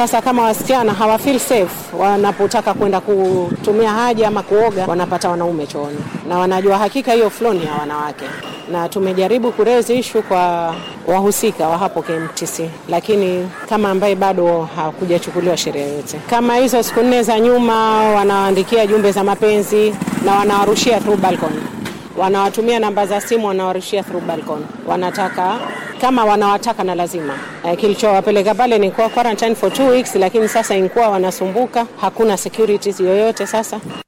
sasa kama wasichana feel safe wanapotaka kwenda kutumia haja ama kuoga, wanapata wanaume chooni na wanajua hakika hiyo flow ni ya wanawake, na tumejaribu kurezi ishu kwa wahusika wa hapo KMTC, lakini kama ambaye bado hakujachukuliwa sheria yote. Kama hizo siku nne za nyuma, wanaandikia jumbe za mapenzi na wanawarushia through balcony, wanawatumia namba za simu, wanawarushia through balcony, wanataka kama wanawataka na lazima. E, kilichowapeleka pale ni kuwa quarantine for two weeks, lakini sasa inkuwa wanasumbuka, hakuna securities yoyote sasa.